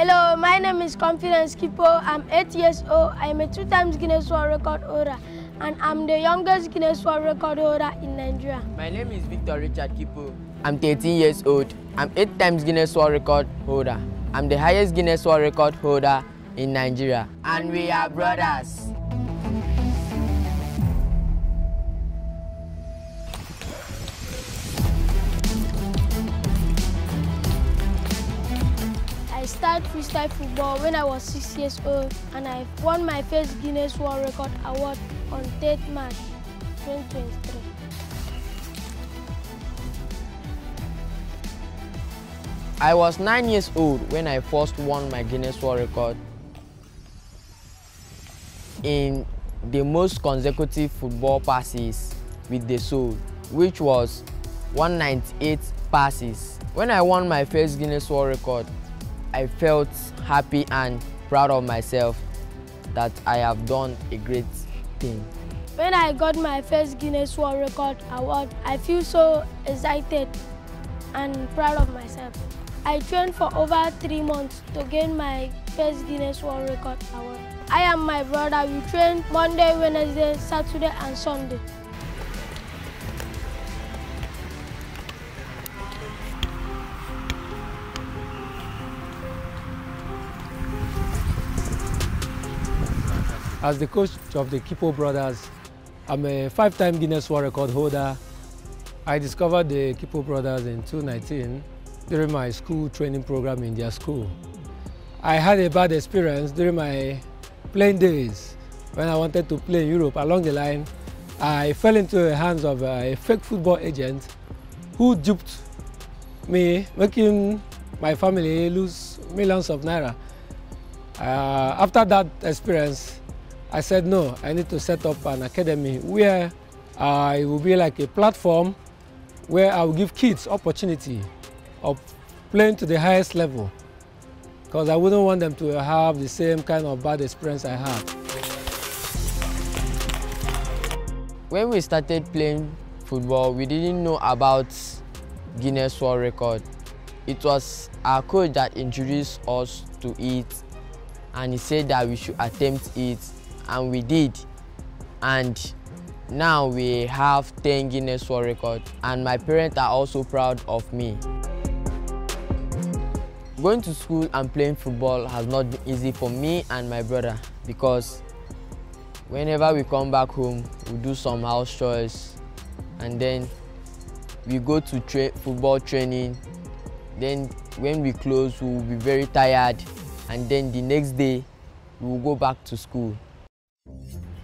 Hello, my name is Confidence Kipo. I'm eight years old. I'm a two times Guinness World Record holder and I'm the youngest Guinness World Record holder in Nigeria. My name is Victor Richard Kipo. I'm 13 years old. I'm eight times Guinness World Record holder. I'm the highest Guinness World Record holder in Nigeria. And we are brothers. started freestyle football when I was six years old and I won my first Guinness World Record Award on 3rd March 2023. I was 9 years old when I first won my Guinness World Record in the most consecutive football passes with the soul, which was 198 passes. When I won my first Guinness World Record, I felt happy and proud of myself that I have done a great thing. When I got my first Guinness World Record award, I feel so excited and proud of myself. I trained for over three months to gain my first Guinness World Record award. I and my brother, we train Monday, Wednesday, Saturday and Sunday. As the coach of the Kipo brothers, I'm a five-time Guinness World Record holder. I discovered the Kipo brothers in 2019 during my school training program in their school. I had a bad experience during my playing days when I wanted to play in Europe along the line. I fell into the hands of a fake football agent who duped me, making my family lose millions of naira. Uh, after that experience, I said, no, I need to set up an academy where uh, it will be like a platform where I will give kids opportunity of playing to the highest level because I wouldn't want them to have the same kind of bad experience I had. When we started playing football, we didn't know about Guinness World Record. It was our coach that introduced us to it and he said that we should attempt it and we did. And now we have 10 Guinness World Records. and my parents are also proud of me. Going to school and playing football has not been easy for me and my brother because whenever we come back home, we do some house chores and then we go to tra football training. Then when we close, we will be very tired and then the next day, we will go back to school.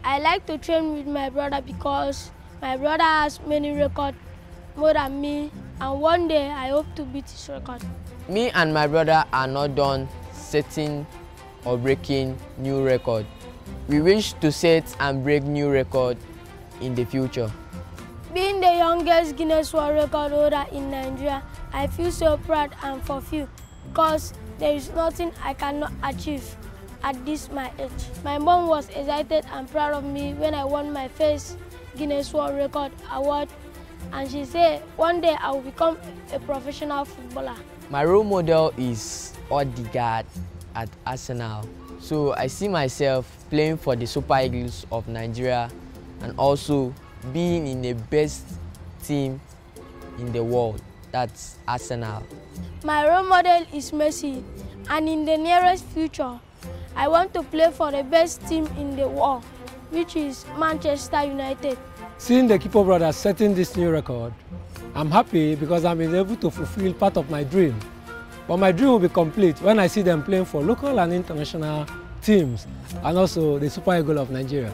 I like to train with my brother because my brother has many records more than me and one day I hope to beat his record. Me and my brother are not done setting or breaking new record. We wish to set and break new record in the future. Being the youngest Guinness World Record holder in Nigeria, I feel so proud and fulfilled because there is nothing I cannot achieve at this my age. My mom was excited and proud of me when I won my first Guinness World Record award and she said one day I will become a professional footballer. My role model is Odegaard at Arsenal. So I see myself playing for the Super Eagles of Nigeria and also being in the best team in the world, that's Arsenal. My role model is Messi and in the nearest future, I want to play for the best team in the world, which is Manchester United. Seeing the Kipo brothers setting this new record, I'm happy because I'm able to fulfill part of my dream. But my dream will be complete when I see them playing for local and international teams and also the Super Eagle of Nigeria.